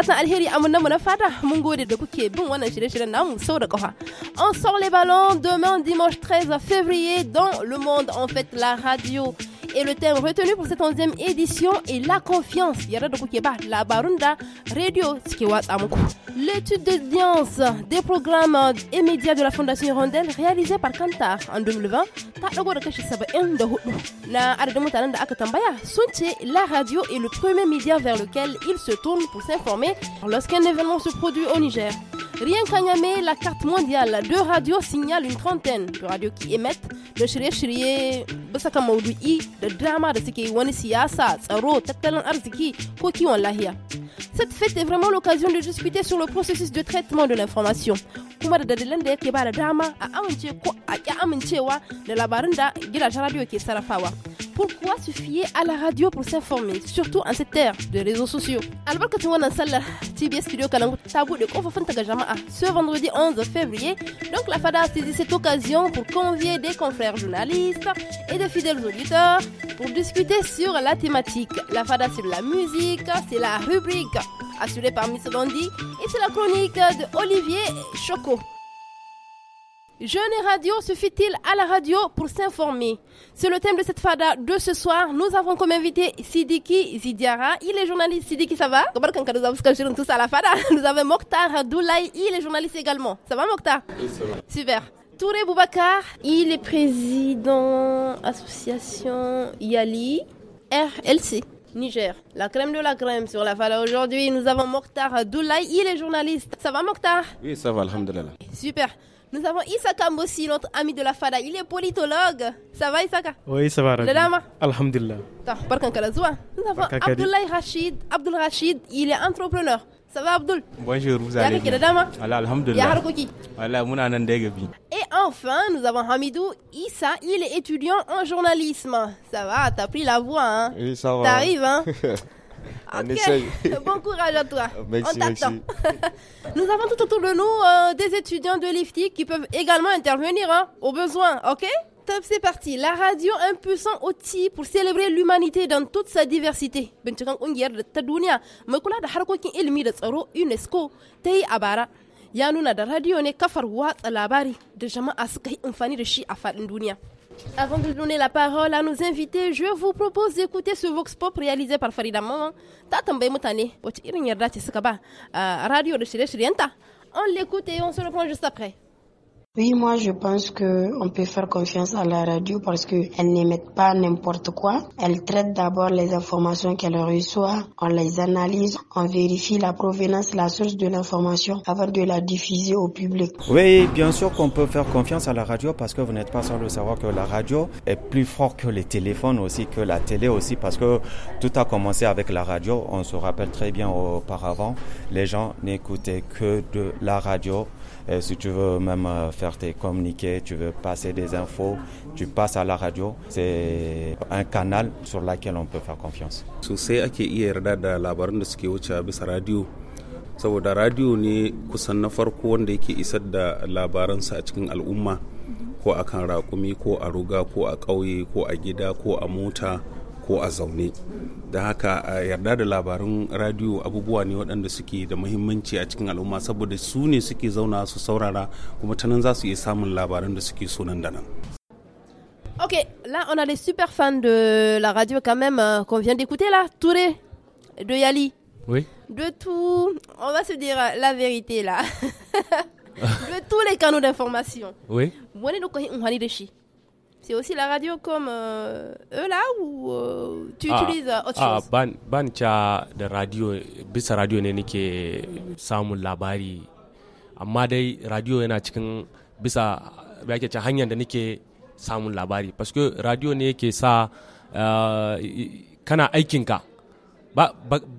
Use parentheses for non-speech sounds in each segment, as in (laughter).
on sort les ballons demain dimanche 13 février dans le monde en fait la radio et le thème retenu pour cette 11e édition est la confiance. Yarada kuke ba la Barunda radio suke watsa L'étude d'audience des programmes et médias de la Fondation Rondel réalisée par Kantar en 2020 a la radio est le premier média vers lequel il se tourne pour s'informer lorsqu'un événement se produit au Niger. Rien qu'à Niamey, la carte mondiale de radios signale une trentaine de radios qui émettent le shirye drama da suke wani siyasa, tsaro, tattalin arziki Cette fête est vraiment l'occasion de discuter sur le processus de traitement de l'information kuma da dalilan da yake ba da dama a amince ko a ƙi amincewa da labarin da gidajen radio ke sarrafawa pourquoi se fier à la radio pour s'informer, surtout en cette ère de réseaux sociaux dans la salle TBS Studio Kalangu tabou de ce vendredi 11 février. Donc la FADA a saisi cette occasion pour convier des confrères journalistes et des fidèles auditeurs pour discuter sur la thématique. La FADA de la musique, c'est la rubrique assurée par Miss et c'est la chronique de Olivier Choco. Jeune et radio, suffit il à la radio pour s'informer C'est le thème de cette fada de ce soir. Nous avons comme invité Sidiki Zidiara. Il est journaliste. Sidiki, ça va Nous tous à la fada. (laughs) Nous avons Mokhtar Doulaye. Il est journaliste également. Ça va, Mokhtar Oui, ça va. Super. Touré Boubacar, il est président association Yali RLC. Niger, la crème de la crème sur la fada aujourd'hui. Nous avons Mokhtar Doulaye, il est journaliste. Ça va Mokhtar Oui, ça va, alhamdulillah. Super. Nous avons Isaka Mbossi, notre ami de la FADA. Il est politologue. Ça va, Isaka Oui, ça va. Le Dama? Alhamdulillah. Nous avons Abdullah Rachid. Abdul Rachid, il est entrepreneur. Ça va, Abdul. Bonjour, vous allez bien Allah, Alhamdulillah. Allah, Et enfin, nous avons Hamidou Issa. Il est étudiant en journalisme. Ça va, t'as pris la voix. hein Oui, ça va. T'arrives, hein (laughs) Un (laughs) bon courage à toi. (laughs) Merci, On t'attend. (laughs) nous avons tout autour de nous euh, des étudiants de l'IFTI qui peuvent également intervenir hein, au besoin, ok Top, c'est parti. La radio, un puissant outil pour célébrer l'humanité dans toute sa diversité. Binciken ƙungiyar ta duniya mai kula da harkokin ilimi da tsaro UNESCO ta abara, Ya nuna da radio ne kafar watsa labari da jama'a suka yi amfani da shi a faɗin duniya. Avant de donner la parole à nos invités, je vous propose d'écouter ce Vox Pop réalisé par Farida Maman. radio On l'écoute et on se reprend juste après. Oui, moi je pense que on peut faire confiance à la radio parce qu'elle n'émet pas n'importe quoi. Elle traite d'abord les informations qu'elle reçoit, on les analyse, on vérifie la provenance, la source de l'information avant de la diffuser au public. Oui, bien sûr qu'on peut faire confiance à la radio parce que vous n'êtes pas sans le savoir que la radio est plus fort que les téléphones aussi, que la télé aussi parce que tout a commencé avec la radio. On se rappelle très bien auparavant, les gens n'écoutaient que de la radio et si tu veux même euh, faire tes communiqués, tu veux passer des infos, tu passes à la radio. C'est un canal sur lequel on peut faire confiance. Sosai ake iya yarda da labaran da suke wuce bisa radio saboda radio ne kusan na farko wanda yake isar da labaransa a cikin al'umma ko a kan raƙumi ko a ruga ko a ƙauye ko a gida ko a mota ko a zaune da haka a yarda da labarun radio abubuwa ne waɗanda suke da muhimmanci a cikin al'umma saboda su ne suke zauna su saurara kuma ta nan za su iya samun labaran da suke sonan da nan Ok, là on a des super fans de la radio quand même euh, qu'on vient d'écouter là, Touré de Yali. Oui. De tout, on va se dire euh, la vérité là. (laughs) de tous les canaux d'information. Oui. Wani no kohin unhani de shi. C'est aussi la radio comme euh, eux là ou euh, tu ah, utilises autre ah, chose? Ban, ban ca da radio, bisa radio ne ke samun labari. Amma dai radio yana cikin bisa yake ce hanyar da nake samun labari. Parce que radio ne ke sa uh, kana aikinka. Ba,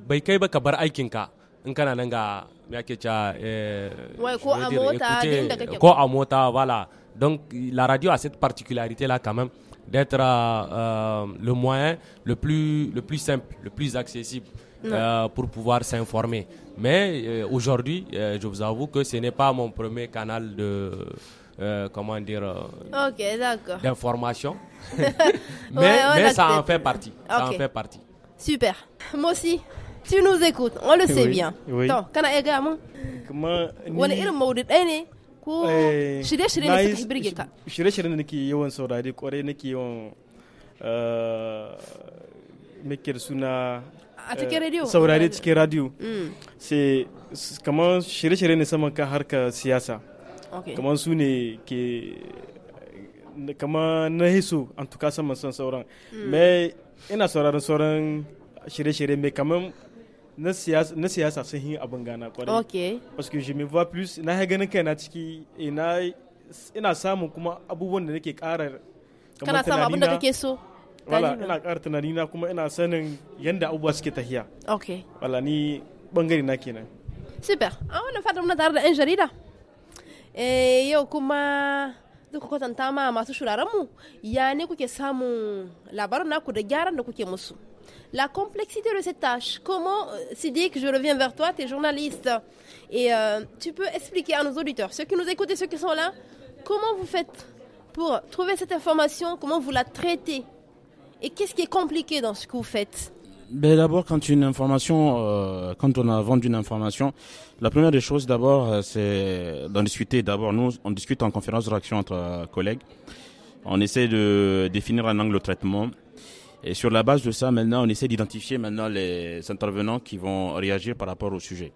bai kai ba ka bar aikinka in kana nan ga yake ce. Eh, Wai ko a mota, ko a mota, wala. Donc la radio a cette particularité-là quand même d'être euh, euh, le moyen le plus, le plus simple, le plus accessible euh, pour pouvoir s'informer. Mais aujourd'hui, je vous avoue que ce n'est pas mon premier canal de... comment dire d'information (laughs) (laughs) mais, ça en fait partie ça en fait partie super moi aussi tu nous écoutes on le sait oui. bien oui. Donc, ko eh, shirye-shirye ne suka birge ka shirye-shirye ne nake yawan saurari kwarai nake yawan eh, mikir suna a cikin eh, radio saurari cikin radio mm. sai kamar shirye-shirye ne saman kan harka siyasa kamar su ne ke kamar na hiso an tuka saman son sauran mai mm. ina sauraron sauran shirye-shirye mai kamar na siyasa na siyasa sun yi abin gana kwarai okay parce je me vois plus na ga ganin kaina ciki ina ina samun kuma abubuwan da nake ƙara kana samun abin da kake so wala ina ƙara tunanina kuma ina sanin yanda abubuwa suke tahiya okay wala ni bangare na kenan super a wannan fatan muna tare da yan jarida eh, yau kuma duka kwatanta ma masu shuraren mu ya ne kuke samun labarin naku da gyaran da kuke musu la complexité de cette tâche. Comment, euh, Sidique, je reviens vers toi, tu es journaliste, et euh, tu peux expliquer à nos auditeurs, ceux qui nous écoutent et ceux qui sont là, comment vous faites pour trouver cette information, comment vous la traitez, et qu'est-ce qui est compliqué dans ce que vous faites ben, d'abord, quand une information, euh, quand on a vendu une information, la première des choses d'abord, c'est d'en discuter. D'abord, nous, on discute en conférence de réaction entre collègues. On essaie de définir un angle de traitement et sur la base de ça, maintenant, on essaie d'identifier maintenant les intervenants qui vont réagir par rapport au sujet.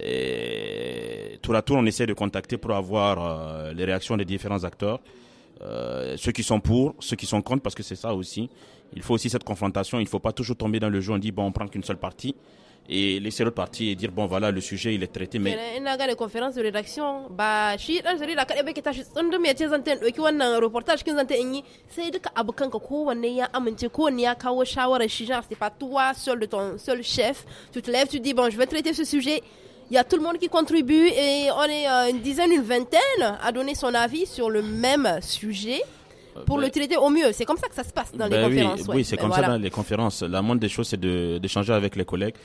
Et tour à tour, on essaie de contacter pour avoir euh, les réactions des différents acteurs, euh, ceux qui sont pour, ceux qui sont contre, parce que c'est ça aussi. Il faut aussi cette confrontation. Il ne faut pas toujours tomber dans le jeu. On dit bon, on prend qu'une seule partie et laisser l'autre partie et dire bon voilà le sujet il est traité mais a des conférences de rédaction là, je là, ce reportage kin duka c'est pas toi seul de ton seul chef tu te lèves tu dis bon je vais traiter ce sujet il y a tout le monde qui contribue et on est euh, une dizaine une vingtaine à donner son avis sur le même sujet euh, pour le ben traiter au mieux. C'est comme ça que ça se passe dans les ben conférences. Oui, c'est ben comme ça dans les conférences. La moindre des choses, c'est d'échanger avec les collègues,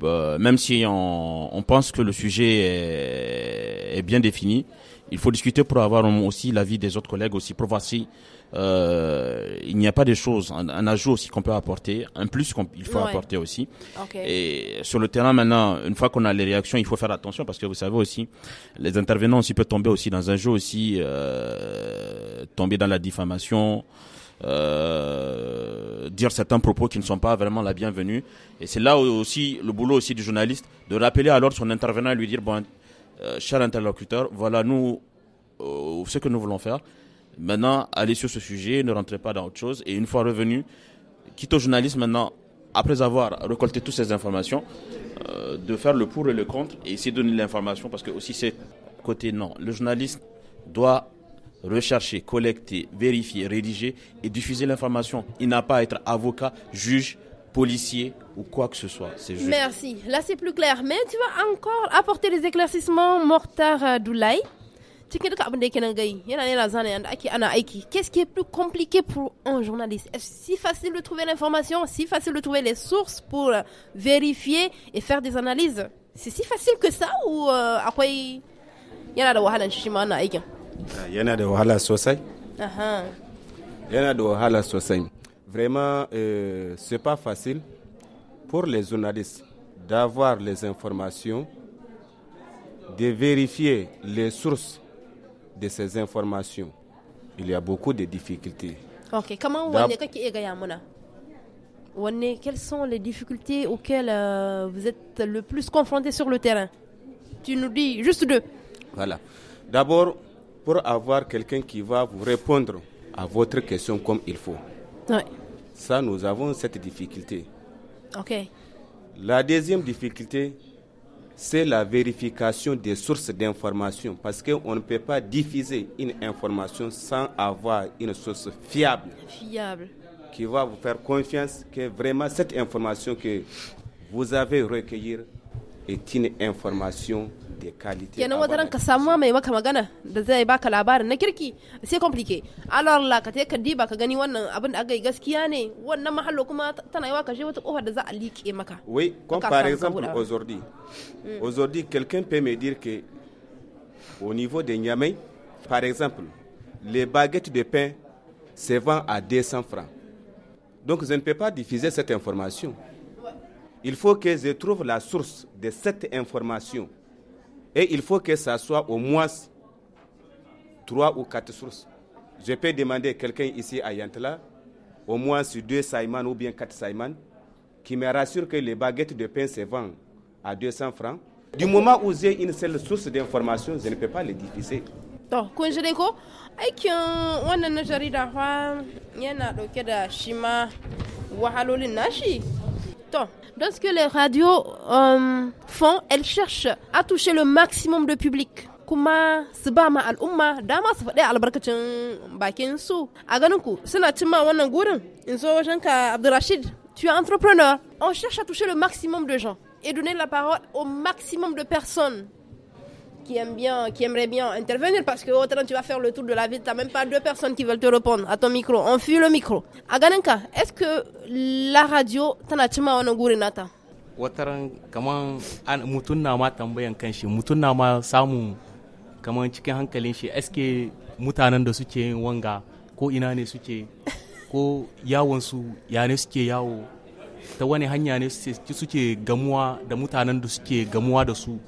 bah, même si on, on, pense que le sujet est, est, bien défini, il faut discuter pour avoir aussi l'avis des autres collègues aussi, pour voir si euh, il n'y a pas des choses, un, ajout aussi qu'on peut apporter, un plus qu'il faut apporter aussi. Et sur le terrain maintenant, une fois qu'on a les réactions, il faut faire attention parce que vous savez aussi, les intervenants aussi peuvent tomber aussi dans un jeu aussi, euh, tomber dans la diffamation, euh, dire certains propos qui ne sont pas vraiment la bienvenue. Et c'est là aussi le boulot aussi du journaliste de rappeler alors son intervenant et lui dire bon, euh, cher interlocuteur, voilà nous euh, ce que nous voulons faire. Maintenant, allez sur ce sujet, ne rentrez pas dans autre chose. Et une fois revenu, quitte au journaliste maintenant, après avoir récolté toutes ces informations, de faire le pour et le contre et essayer de donner l'information parce que aussi c'est côté non. Le journaliste doit rechercher, collecter, vérifier, rédiger et diffuser l'information. Il n'a pas à être avocat, juge, policier ou quoi que ce soit. Merci. Là, c'est plus clair. Mais tu vas encore apporter les éclaircissements, Mortar euh, Doulay. Qu'est-ce qui est plus compliqué pour un journaliste Est-ce si facile de trouver l'information, si facile de trouver les sources pour vérifier et faire des analyses C'est si facile que ça ou ah, yana da sosai yana sosai vraiment euh, c'est pas facile pour les journalistes d'avoir les informations de vérifier les sources de ces informations il y a beaucoup de difficultés ok comment quelles sont les difficultés auxquelles euh, vous êtes le plus confronté sur le terrain Tu nous dis juste deux. Voilà. D'abord, pour avoir quelqu'un qui va vous répondre à votre question comme il faut. Oui. Ça, nous avons cette difficulté. OK. La deuxième difficulté, c'est la vérification des sources d'informations, parce qu'on ne peut pas diffuser une information sans avoir une source fiable. Fiable. Qui va vous faire confiance que vraiment cette information que vous avez recueillie une information de qualité kenan wata ranka samu mai maka magana da zai baka labarin na kirki sai complique Alors la ka ka diba ka gani wannan abin da aka yi gaskiya ne wannan mahallo kuma tana yawa kashe wata kofar da za a liƙe maka oui comme par exemple aujourd'hui mm. aujourd'hui quelqu'un peut me dire que au niveau de Niamey par exemple les baguettes de pain se vendent à 200 francs donc je ne peux pas diffuser cette information il faut que je trouve la source de cette information. Et il faut que ça soit au moins trois ou quatre sources. Je peux demander à quelqu'un ici à Yantla, au moins sur deux Saïman ou bien quatre Saïman, qui me rassure que les baguettes de pain se vendent à 200 francs. Du moment où j'ai une seule source d'information, je ne peux pas les diffuser. que je en de da nashi temps. Dans ce que les radios euh, font, elles cherchent à toucher le maximum de public. kuma subama al-umma al'umma dama su faɗi albarkacin bakin su a ganinku suna cimma wannan gurin in so wajen ka tu es entrepreneur on cherche à toucher le maximum de gens et donner la parole au maximum de personnes qui, aime bien, qui aimerait bien intervenir parce que oh, terrain tu vas faire le tour de la ville, tu n'as même pas deux personnes qui veulent te répondre à ton micro. On fuit le micro. Aganenka, est-ce que la radio, tu as gurinata? wataran kaman mutum na ma tambayan kanshi mutum na ma samun kaman cikin hankalin shi eske mutanen da suke wanga ko ina ne suke ko yawonsu ya ne suke yawo ta wani hanya ne suke gamuwa da mutanen da suke gamuwa da su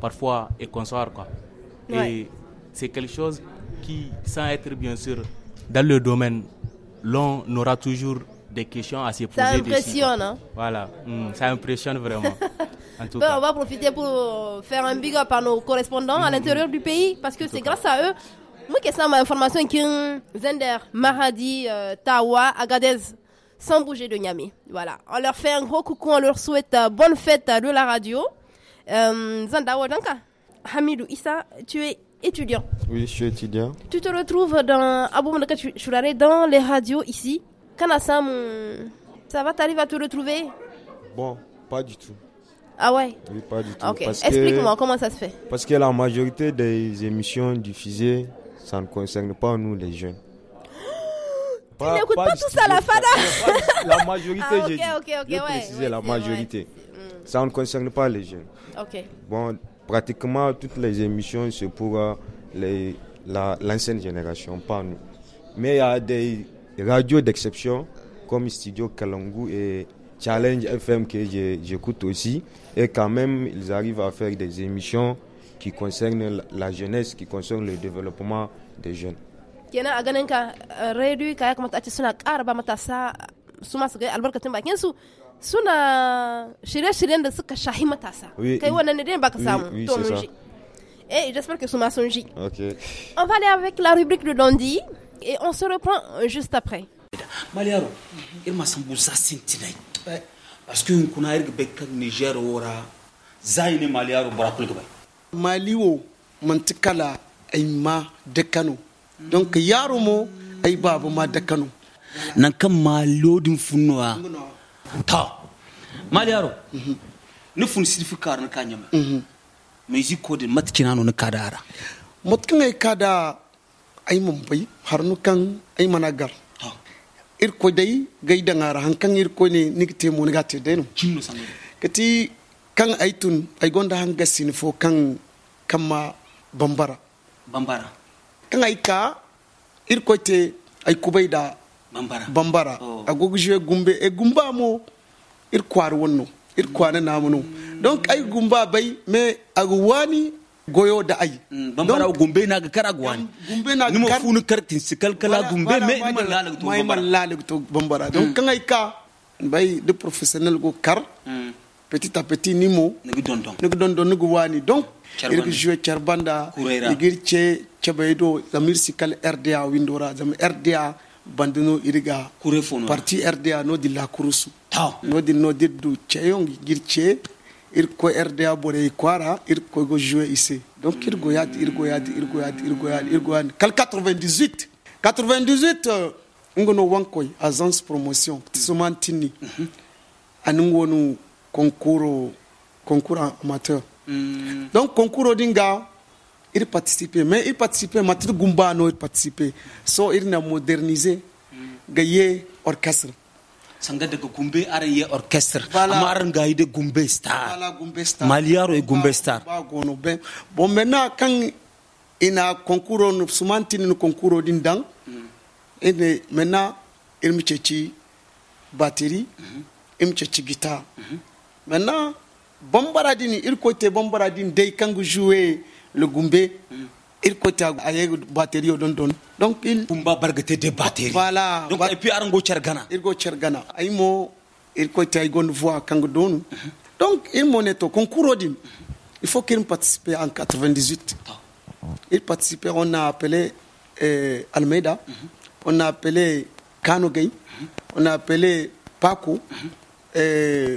parfois et quoi. Et c'est quelque chose qui, sans être bien sûr dans le domaine, l'on aura toujours des questions à se poser. Ça impressionne. Hein. Voilà, hmm, ça impressionne vraiment. (laughs) On va profiter pour faire un big up à nos correspondants à hmm, l'intérieur hmm. du pays parce que c'est grâce à eux. Moi, que ça, ma information, Zender, Maradi, euh, Tawa, Agadez sans bouger de Niamey. Voilà. On leur fait un gros coucou, on leur souhaite euh, bonne fête euh, de la radio. Euh, Zandawa Hamidou Issa, tu es étudiant. Oui, je suis étudiant. Tu te retrouves dans dans les radios ici. Kanasam, ça va, t'arrives à te retrouver Bon, pas du tout. Ah ouais Oui, pas du tout. Explique-moi comment ça se fait. Parce que la majorité des émissions diffusées, ça ne concerne pas nous les jeunes. Pas, tu pas, tout ça la fada La majorité, (laughs) ah, okay, okay, okay, la majorité. Mm. Ça ne concerne pas les jeunes. Bon, pratiquement toutes les émissions, c'est pour euh, les, l'ancienne génération, pas nous. Mais il y a des radios d'exception, comme Studio Kalangu et Challenge FM que j'écoute aussi. Et quand même, ils arrivent à faire des émissions qui concernent la jeunesse, qui concernent le développement des jeunes kena a ganin eh, ka rediyo ka ya kamata a ce suna ƙara ba matasa su masu gai albarkacin bakin su suna shirye-shiryen da suka shahi matasa kai wannan ne dai baka samu to mun ji et eh, j'espère que suma son J. Okay. On va aller avec la rubrique de Dondi et on se reprend juste après. Maliaro, il m'a semblé ça sentinai. Eh, parce que nous avons un bec Niger ora zaine Maliaro brakulgba. Maliwo mantikala aima de Kano. don ka yaro mu yi babu ma da kano nan kan ma lodin funuwa. ta mali yaro mhm. ni fun sirfi kar na kanya ma mai zi mhm. kodin matkin ano na kada ara matkin ai kada ai mun bai har nukan ai managar irko dai gaida ngara hankan irko ne te mu ga te denu kati kan aitun ai gonda hanga fo kan kama bambara bambara kan ka bambara bambara e gumbamo ir wonno ir namuno donc hmm. ay gumba il me agwani goyo da de hmm, bambara gumbe na gwani gumbe na a un funu de sikal Il gumbe bambara donc y hmm. un de professionnel go kar petit à petit nimo nugu dondo nugu dondo nugu wani donc irgi jouer charbanda igir che chebedo zamir sikal RDA windora zam RDA bandino iriga kurefono parti RDA no de la kurusu ta no di no di du cheyong igir che ir ko RDA bore kwara ir ko go jouer ici donc ir go yat ir go yad, ir go yat ir go yat go kal 98 98 euh, ngono wankoy agence promotion tisumantini mm -hmm concours, concours amateur. Mm. Donc, concours Odinga, il participait. Mais il participait, gumba Gumbano, il participait. So, il a modernisé, mm. gagné orchestre. sanga le gumbé ara orchestre voilà. gumbé star maliaro et star bon maintenant il a concours nous concours mm. maintenant il batterie mm-hmm. il guitare mm-hmm. Maintenant, Bombaradini, il côté Bombaradini, dès qu'on vous le Goumbé, il côté avec batterie au don Donc il. Gumba bargete des batteries. Voilà. et puis Arango Chergana. Il go Chergana. Aïmo, il côté une voix quand don. Donc il monnaie au concours Il faut qu'il participe en 98. Ah. Il participait, on a appelé eh, Almeida, on a appelé Kanogay, mhm. on a appelé Paco. Mhm. Eh,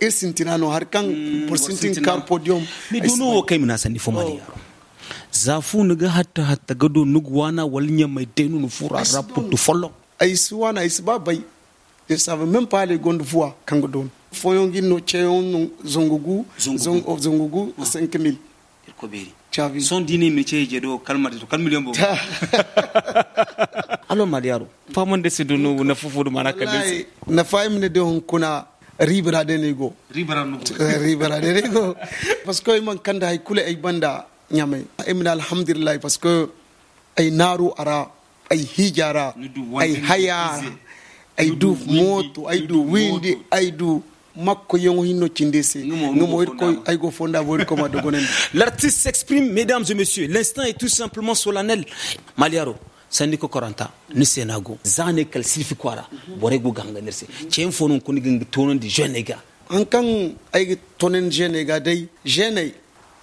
irsintinano har kan porsintin kan podium mi duno kai mina sanni fo mali yaro zafu nuga hatta hatta gado nugwana walnya mai denu nu fura rapu tu follow ai suwana ai babai they savent même pas les gondes voix quand don foyongi no cheon no zongugu zong zongugu zongugu 5000 koberi chavi son dini mi che je do kalmar to kal million bo alo maliaro famon de siduno na fufu do manaka de na faim ne de hon kuna ribiraɗe ne goo ribiraɗe ne que mon man kande hay kule ay banda ñamay emina alhamdulillahi parce que ay naru ara ay hijara ay haya ay du moto ay du windi ay du makko yongo hinno cindese ngumo ko ay go fonda wori ko ma dogonen (laughs) l'artiste s'exprime mesdames et messieurs l'instant est tout simplement solennel maliaro sandiko koranta ni senago zane kalsifi kwara bore gu ganganirse cen fonun kuni gangi tonon di jeune ga an kan tonen jeune ga dai jeune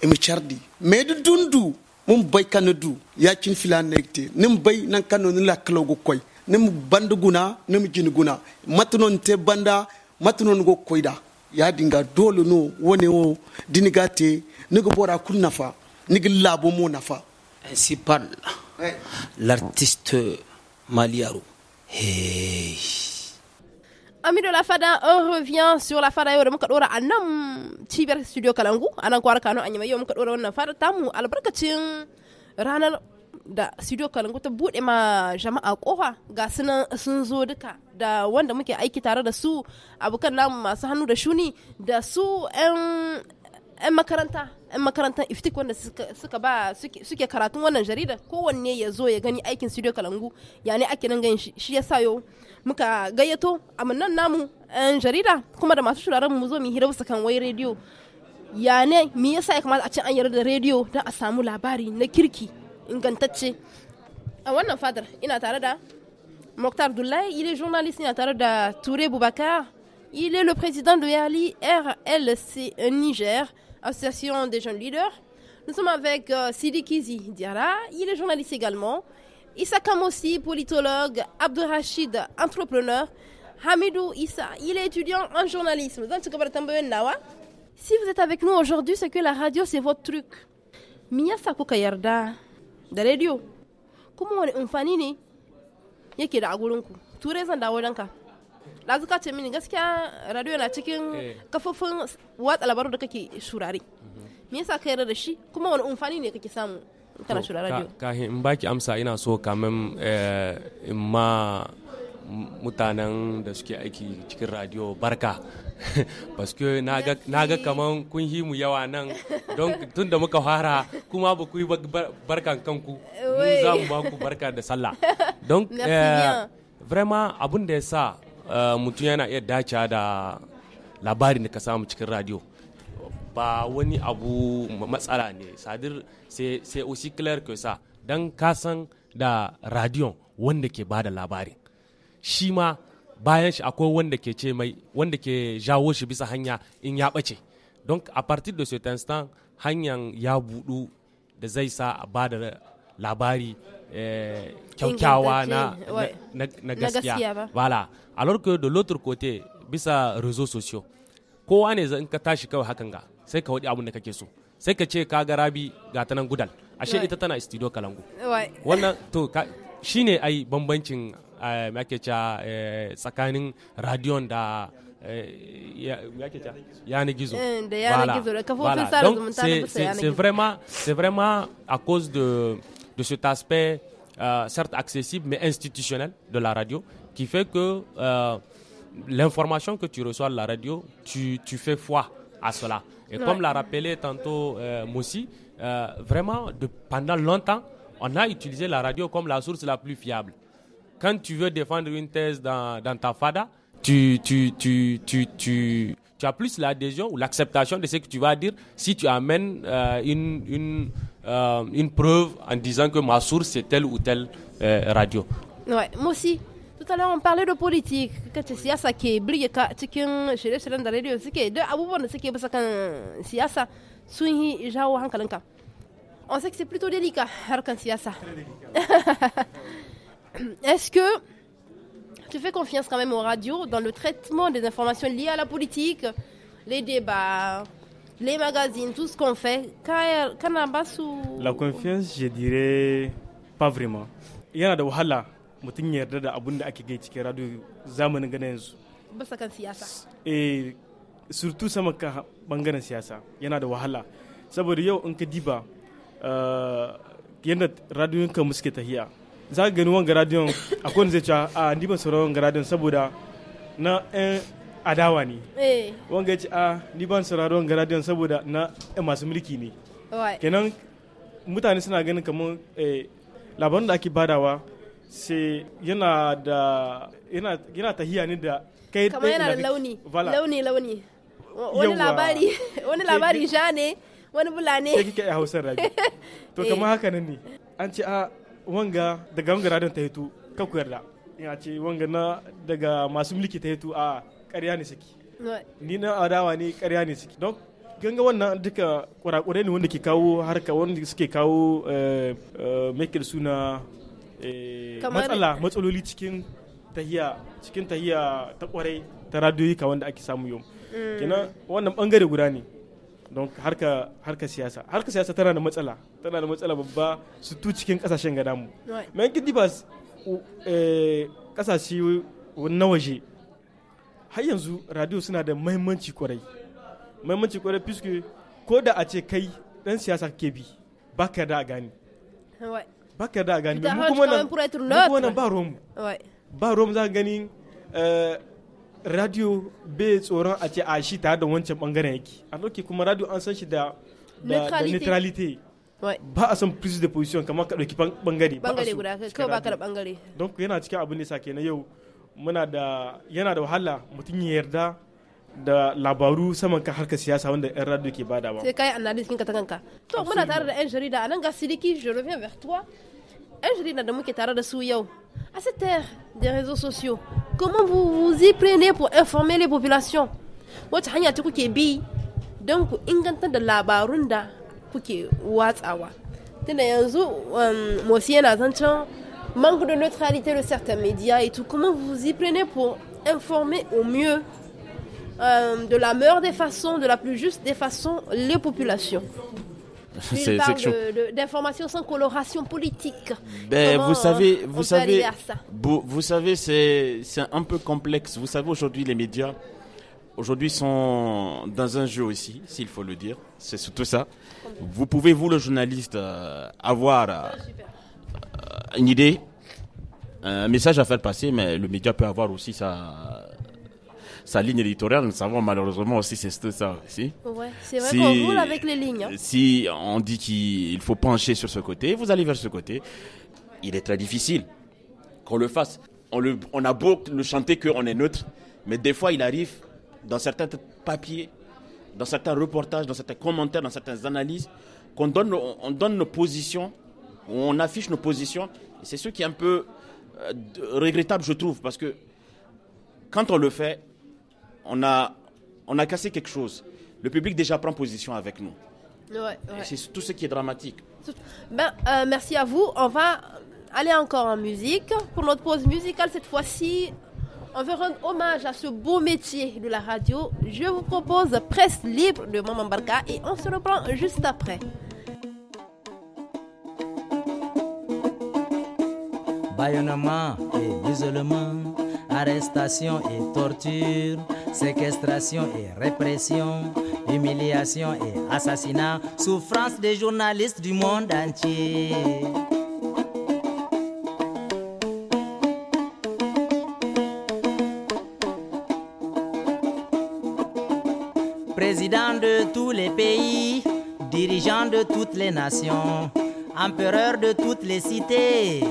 mi chardi me du dundu mun bai kanu Y'a yakin filan nekte nim bay nan kanon ni lakalo gu koy nim bandu guna nim jin guna matunon te banda koida. go koyda ya dinga dole no wone wo nigo bora kun nafa nigi nafa ainsi parle l'artiste Maliaro. Hey. ami do la fada on revient sur la fada mo muka dora anan cibiyar studio kalangu anan ko arkano anyama yau muka dora wannan fada tamu albarkacin ranar da studio kalangu ta bude ma jama'a fa ga sunan sun zo duka da wanda muke aiki tare da su abokan namu masu hannu da shuni da su 'yan 'yan makaranta 'yan makarantar iftik wanda suka ba suke karatun wannan jarida kowanne ya zo ya gani aikin studio kalangu ya ne ake nan ganin shi ya yau muka gayyato amannan namu 'yan jarida kuma da masu shuraren mu zo mu hira su kan wai rediyo ya ne me yasa ya kamata a ce an yarda da rediyo don a samu labari na kirki ingantacce a wannan fadar ina tare da Mokhtar Doulay, ile journalist journaliste, tare da ture Boubacar, il est le président de Yali RLC Niger. association des jeunes leaders. Nous sommes avec euh, Sidi Kizi Diara, il est journaliste également. Issa Kamossi, politologue, Rachid, entrepreneur. Hamidou Issa, il est étudiant en journalisme. Si vous êtes avec nous aujourd'hui, c'est que la radio, c'est votre truc. radio. Comment on da ɗazu ka ce mini gaskiya radio na cikin eh. kafofin watsa labaru da kake shurare me yasa ka yarda da shi kuma wani amfani ne kake samu kana shura radio kahin in baki amsa ina so kamin eh, in ma mutanen da suke aiki cikin radio barka (laughs) paske na ga kaman kun yi mu yawa nan don tun da muka fara kuma ba ku yi barkan kanku mu za mu ba ku barka da sallah don (laughs) eh, vraiment abin da ya sa Eh, mutum yana iya dacewa da labarin da ka samu cikin radio ba wani abu matsala ne sadir sai osi clear ke sa don kasan da radiyon wanda ke ba da labarin shi ma bayan shi akwai wanda ke ce mai wanda ke jawo shi bisa hanya in ya ɓace don a partir da certain hanyar ya buɗu da zai sa a ba da labari Eh, kyaukyawa na gaskiya wala alors que de l'autre côté bisa réseaux sociaux kowa ne zan ka tashi kawai hakan ga sai ka wadi abin da kake so sai ka ce ka ga rabi ga ta nan gudal ashe ita tana studio kalangu wannan to shine ai bambancin eh, ake ca eh, tsakanin radiyon da yana gizo da yana gizo da kafofin sa zumunta na bisa yana gizo c'est vraiment à cause de de cet aspect, euh, certes accessible, mais institutionnel de la radio, qui fait que euh, l'information que tu reçois de la radio, tu, tu fais foi à cela. Et comme l'a rappelé tantôt euh, Moussi, euh, vraiment, de, pendant longtemps, on a utilisé la radio comme la source la plus fiable. Quand tu veux défendre une thèse dans, dans ta FADA, tu, tu, tu, tu, tu, tu as plus l'adhésion ou l'acceptation de ce que tu vas dire si tu amènes une, une, euh, une preuve en disant que ma source c'est telle ou telle euh, radio. Ouais, moi aussi. Tout à l'heure, on parlait de politique. On sait que c'est plutôt délicat, (laughs) Est-ce que tu fais confiance quand même aux radios dans le traitement des informations liées à la politique, les débats les magazines, tout ce qu'on fait, La confiance, je dirais pas vraiment. Il y a wahala mutum ya yarda da abun da ake gai cikin radio zamanin gana yanzu. Basa kan siyasa. Eh, surtout sama kan bangaren siyasa yana da wahala. Saboda yau in ka diba eh, yadda radiyon kan muske tahiya. Za ka gani wanga radiyon akwai wanda zai cewa a ni ban sauraron wanga radiyon saboda na 'yan eh, adawa ne eh. wanga ya ce a ah, ni ban sauraron ga radiyon saboda na masu mulki ne kenan mutane suna ganin kamar eh, labarin da ake badawa sai yana da yana tahiya ne da kai kamar yana da launi launi launi wani labari (laughs) wani labari sha ne wani bula ne kike a hausar rabi (laughs) to eh. kamar haka nan ne an ce a ah, wanga daga wanga radon ta hito kakku yarda ya ce wanga na daga masu mulki ta hito a ah, ƙarya ne suke ni na adawa ne ƙarya ne suke don ganga wannan duka kurakurai ne wanda ke kawo harka wanda suke kawo eh, eh, mekir suna eh, matsala matsaloli cikin tahiya cikin tahiya ta kwarai ta radiyoyi ka wanda ake samu yau mm. kenan wannan bangare guda ne don harka harka siyasa harka siyasa tana da matsala tana da matsala babba su tu cikin kasashen gada mu men kidi ba kasashe na waje har yanzu radio suna da mahimmanci kwarai mahimmanci kwarai puisque ko da a ce kai dan siyasa ke bi ba ka da a ba ka da gani mu kuma nan kuma nan ba romu ba romu za ka gani eh, radio bai tsoron a ce a shi ta da wancan bangaren yake a lokaci kuma radio an san shi da neutrality ba a san prise de position kamar ka dauki bangare bangare guda kai ba ka da bangare don yana cikin abin da sa kenan yau muna da yana da wahala mutum ya yarda da labaru saman ka harkar siyasa wanda yan radio ke bada ba. Sai kai analysis kinka ta kanka. To muna tare da yan jarida anan ga Sidiki Jerome Vertua. Yan jarida da muke tare da su yau. A cette ère des réseaux sociaux, comment vous vous y prenez pour informer les populations Wata hanya ta kuke bi don ku inganta da labarun da kuke watsawa. Tunda yanzu um, Mosi yana zancen manque de neutralité de certains médias et tout. Comment vous vous y prenez pour informer au mieux euh, de la meilleure des façons, de la plus juste des façons, les populations c'est d'informations sans coloration politique. Ben, vous savez, vous savez, vous, vous, savez, c'est un peu complexe. Vous savez, aujourd'hui, les médias, aujourd'hui, sont dans un jeu aussi, s'il faut le dire. C'est surtout ça. Vous pouvez, vous, le journaliste, euh, avoir une idée, un message à faire passer, mais le média peut avoir aussi sa, sa ligne éditoriale. Nous savons malheureusement aussi c'est ça aussi. c'est vrai qu'on roule avec les lignes. Hein. Si on dit qu'il faut pencher sur ce côté, vous allez vers ce côté. Il est très difficile qu'on le fasse. On, le, on a beau le chanter qu'on est neutre, mais des fois il arrive dans certains papiers, dans certains reportages, dans certains commentaires, dans certaines analyses, qu'on donne, on donne nos positions on affiche nos positions. C'est ce qui est un peu euh, regrettable, je trouve, parce que quand on le fait, on a, on a cassé quelque chose. Le public déjà prend position avec nous. C'est tout ce qui est dramatique. Ben, euh, merci à vous. On va aller encore en musique. Pour notre pause musicale, cette fois-ci, on veut rendre hommage à ce beau métier de la radio. Je vous propose Presse libre de Maman Barca et on se reprend juste après. Baïonnement et isolement, arrestation et torture, séquestration et répression, humiliation et assassinat, souffrance des journalistes du monde entier. Président de tous les pays, dirigeant de toutes les nations, empereur de toutes les cités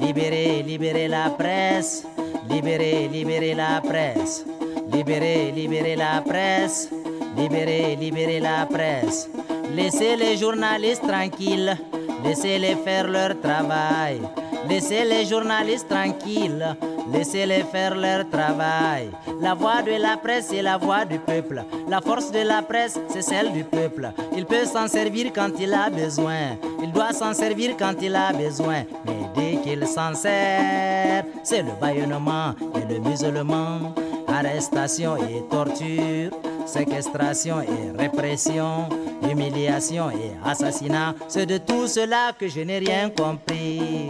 Libérez, libérez la presse. Libérez, libérez la presse. Libérez, libérez la presse. Libérez, libérez la presse. Laissez les journalistes tranquilles. Laissez-les faire leur travail. Laissez les journalistes tranquilles. Laissez-les faire leur travail. La voix de la presse est la voix du peuple. La force de la presse, c'est celle du peuple. Il peut s'en servir quand il a besoin. Il doit s'en servir quand il a besoin. Mais dès qu'il s'en sert, c'est le bâillonnement et le musulman. Arrestation et torture, séquestration et répression, humiliation et assassinat. C'est de tout cela que je n'ai rien compris.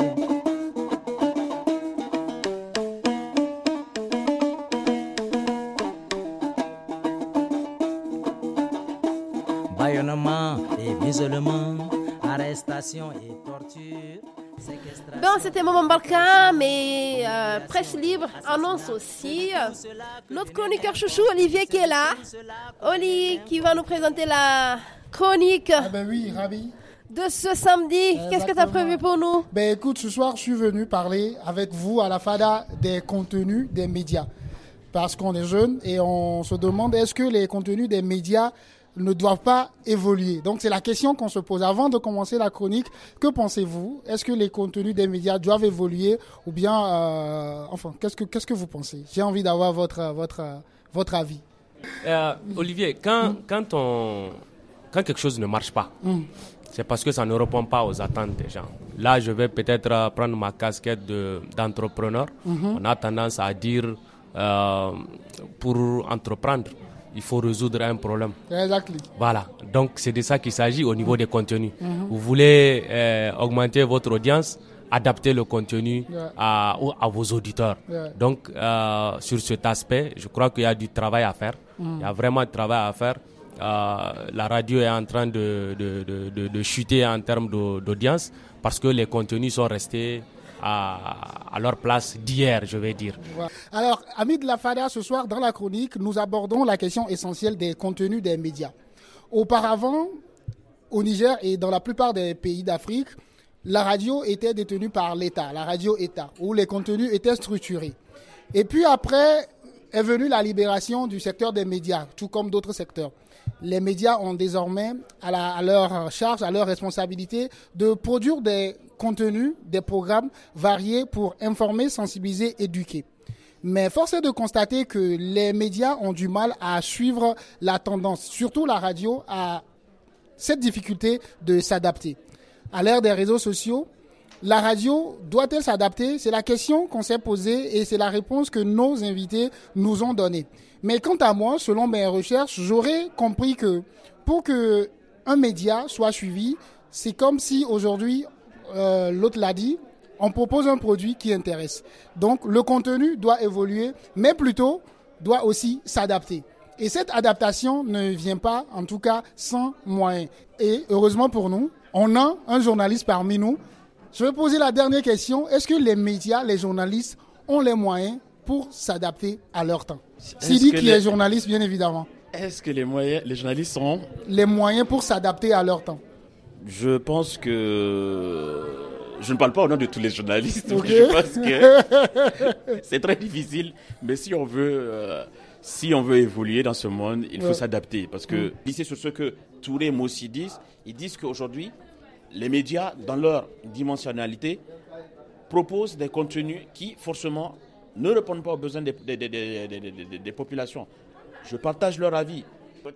et torture. bon, c'était Maman Balkan, mais euh, Presse Libre annonce aussi euh, notre chroniqueur chouchou, Olivier, qui est là. Oli, qui va nous présenter la chronique. Ah ben de ce samedi. Euh, Qu'est-ce que tu as prévu pour nous Ben écoute, ce soir, je suis venu parler avec vous à la FADA des contenus des médias. Parce qu'on est jeune et on se demande est-ce que les contenus des médias ne doivent pas évoluer. Donc c'est la question qu'on se pose avant de commencer la chronique. Que pensez-vous Est-ce que les contenus des médias doivent évoluer ou bien, euh, enfin, qu'est-ce que qu'est-ce que vous pensez J'ai envie d'avoir votre votre votre avis. Euh, Olivier, mm. quand on quand quelque chose ne marche pas, mm. c'est parce que ça ne répond pas aux attentes des gens. Là, je vais peut-être euh, prendre ma casquette d'entrepreneur. De, mm-hmm. On a tendance à dire pour entreprendre, il faut résoudre un problème. Exactly. Voilà, donc c'est de ça qu'il s'agit au niveau des contenus. Mhm. Vous voulez euh, augmenter votre audience, adapter le contenu à, à, vos auditeurs. Donc euh, sur cet aspect, je crois qu'il y a du travail à faire. Mhm. Il y a vraiment du travail à faire. Euh, la radio est en train de, de, de, de chuter en termes d'audience parce que les contenus sont restés à, leur place d'hier, je vais dire. Alors, amis de la FADA, ce soir, dans la chronique, nous abordons la question essentielle des contenus des médias. Auparavant, au Niger et dans la plupart des pays d'Afrique, la radio était détenue par l'État, la radio-État, où les contenus étaient structurés. Et puis après est venue la libération du secteur des médias, tout comme d'autres secteurs. Les médias ont désormais à leur charge, à leur responsabilité de produire des contenu, des programmes variés pour informer, sensibiliser, éduquer. Mais force est de constater que les médias ont du mal à suivre la tendance, surtout la radio, à cette difficulté de s'adapter. À l'ère des réseaux sociaux, la radio doit-elle s'adapter C'est la question qu'on s'est posée et c'est la réponse que nos invités nous ont donnée. Mais quant à moi, selon mes recherches, j'aurais compris que pour que un média soit suivi, c'est comme si aujourd'hui euh, l'autre l'a dit, on propose un produit qui intéresse. Donc le contenu doit évoluer, mais plutôt doit aussi s'adapter. Et cette adaptation ne vient pas, en tout cas, sans moyens. Et heureusement pour nous, on a un journaliste parmi nous. Je vais poser la dernière question. Est-ce que les médias, les journalistes ont les moyens pour s'adapter à leur temps Sidi qui les... est journaliste, bien évidemment. Est-ce que les, moyens, les journalistes ont Les moyens pour s'adapter à leur temps. Je pense que je ne parle pas au nom de tous les journalistes. (laughs) Je pense que (laughs) c'est très difficile. Mais si on veut, euh, si on veut évoluer dans ce monde, il faut s'adapter. Parce que mm. c'est sur ce que tous les Moussi disent. Ils disent qu'aujourd'hui, les médias, dans leur dimensionnalité, proposent des contenus qui, forcément, ne répondent pas aux besoins des, des, des populations. Je partage leur avis.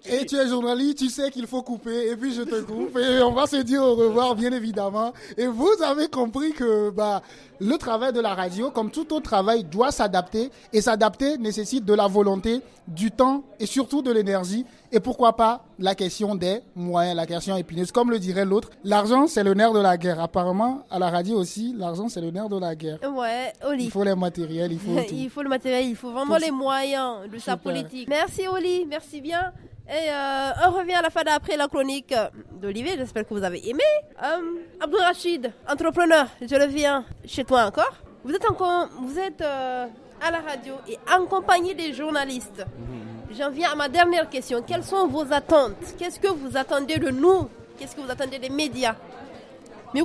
Et tu es journaliste, tu sais qu'il faut couper, et puis je te coupe, et on va se dire au revoir, bien évidemment. Et vous avez compris que bah, le travail de la radio, comme tout autre travail, doit s'adapter, et s'adapter nécessite de la volonté, du temps, et surtout de l'énergie, et pourquoi pas la question des moyens, la question épineuse. Comme le dirait l'autre, l'argent, c'est le nerf de la guerre. Apparemment, à la radio aussi, l'argent, c'est le nerf de la guerre. Ouais, Oli. Il faut les matériels, il faut. (laughs) il faut le matériel, il faut vraiment les moyens de sa politique. Merci, Oli. Merci bien. Et euh, on revient à la fin d'après la chronique d'Olivier, j'espère que vous avez aimé. Euh, Abdou Rachid, entrepreneur, je reviens chez toi encore. Vous êtes, encore, vous êtes euh, à la radio et en compagnie des journalistes. J'en viens à ma dernière question. Quelles sont vos attentes Qu'est-ce que vous attendez de nous Qu'est-ce que vous attendez des médias mais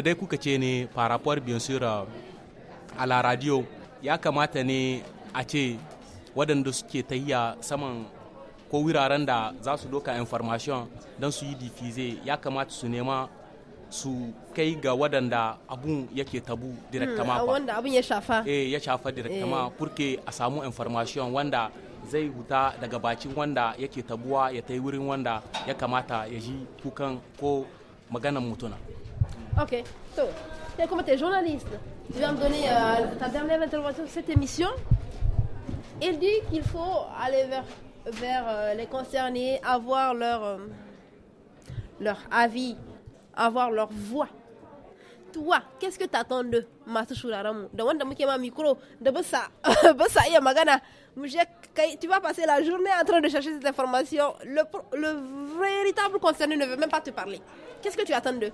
dai kuka ce ne par rapport bien sûr à la radio Il ya kamata ne a ce waɗanda suke saman ko wuraren za su information don su yi ya kamata su nema su kai ga abun yake tabu hmm, wanda abun ya shafa eh ya shafa eh. a information wanda zai huta daga wanda yake tabuwa ya ta wurin wanda ya kamata ya kukan ko maganan mutuna Okay, so, kuma journaliste tu vas me donner euh, ta dernière intervention cette émission il dit qu'il faut aller vers, vers euh, les concernés, avoir leur, euh, leur avis, avoir leur voix. Toi, qu'est-ce que tu attends d'eux (laughs) Tu vas passer la journée en train de chercher cette information. Le, véritable concerné ne veut même pas te parler. Qu'est-ce que tu attends d'eux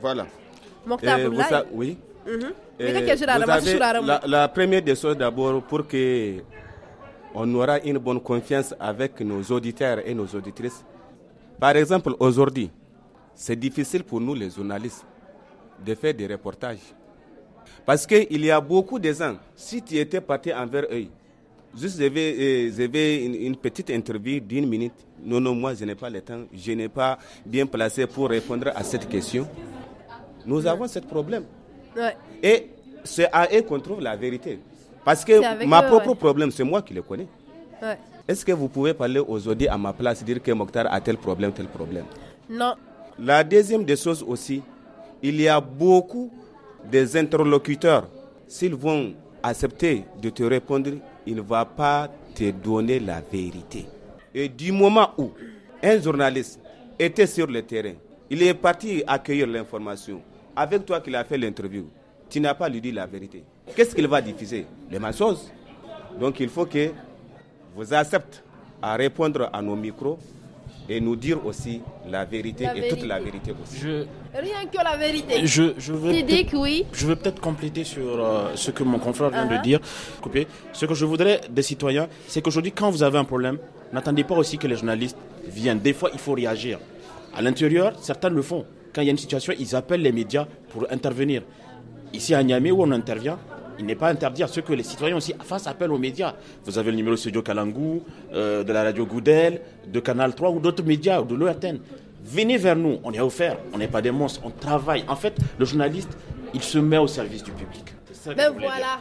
Voilà. oui. Mhm. Eh, la, première des choses d'abord pour que on aura une bonne confiance avec nos auditeurs et nos auditrices. Par exemple, aujourd'hui, c'est difficile pour nous les journalistes de faire des reportages. Parce qu'il y a beaucoup de gens, si tu étais parti envers eux, juste j'avais euh, une, petite interview d'une minute, non, non, moi je n'ai pas le temps, je n'ai pas bien placé pour répondre à cette question. Nous avons ce problème. Et c'est à eux qu'on trouve la vérité. Parce que ma propre problème, c'est moi qui le connais. Est-ce que vous pouvez parler aux audits à ma place, dire que Mokhtar a tel problème, tel problème Non. La deuxième des choses aussi, il y a beaucoup des interlocuteurs. S'ils vont accepter de te répondre, il ne va pas te donner la vérité. Et du moment où un journaliste était sur le terrain, il est parti accueillir l'information avec toi qu'il a fait l'interview, tu n'as pas lui dit la vérité. Qu'est-ce qu'il va diffuser Les choses. Donc il faut que vous acceptez à répondre à nos micros et nous dire aussi la vérité, et toute la vérité aussi. Rien que la vérité. Je, je veux peut-être compléter sur euh, ce que mon confrère vient de ah. dire. Ce que je voudrais des citoyens, c'est qu'aujourd'hui, quand vous avez un problème, n'attendez pas aussi que les journalistes viennent. Des fois, il faut réagir. À l'intérieur, certains le font. Quand il y a une situation, ils appellent les médias pour intervenir. Ici à Niamey, où on intervient, il n'est pas interdit à ce que les citoyens aussi fassent appel aux médias. Vous avez le numéro de Studio Kalangou, euh, de la radio Goudel, de Canal 3 ou d'autres médias, ou de l'ORTN. Venez vers nous, on est offert, on n'est pas des monstres, on travaille. En fait, le journaliste, il se met au service du public. Ben voilà.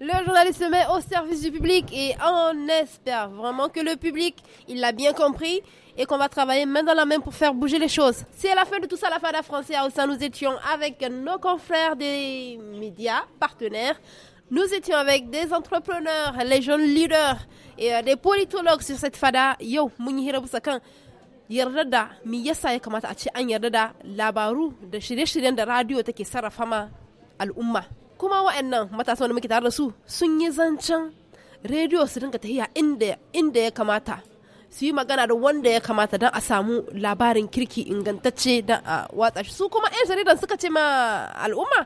Le journaliste se met au service du public et on espère vraiment que le public, il l'a bien compris et qu'on va travailler main dans la main pour faire bouger les choses. C'est la fin de tout ça, la Fada Française, nous étions avec nos confrères des médias partenaires. Nous étions avec des entrepreneurs, les jeunes leaders et euh, des politologues sur cette Fada. Yo, Mounihira radio kuma wa'annan matasan wanda muke tare da su sun yi zancen rediyo su dinga tahiya inda ya kamata su yi magana da wanda ya kamata don a samu labarin kirki ingantacce don a watsa shi su kuma 'yan jaridan suka ce ma al'umma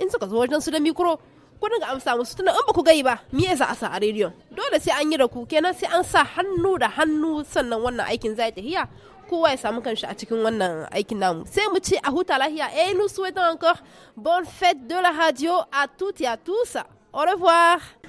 in suka zo wajen su da mikro ku dinga amsa musu tuna in ba ku gai ba me yasa a sa a rediyon dole sai an yi da ku kenan sai an sa hannu da hannu sannan wannan aikin zai tahiya kowa ya samu kanshi a cikin wannan aikin namu sai mu ci a huta lahiya et eh, nous souhaitons encore bonne fête de la radio à toutes et à tous au revoir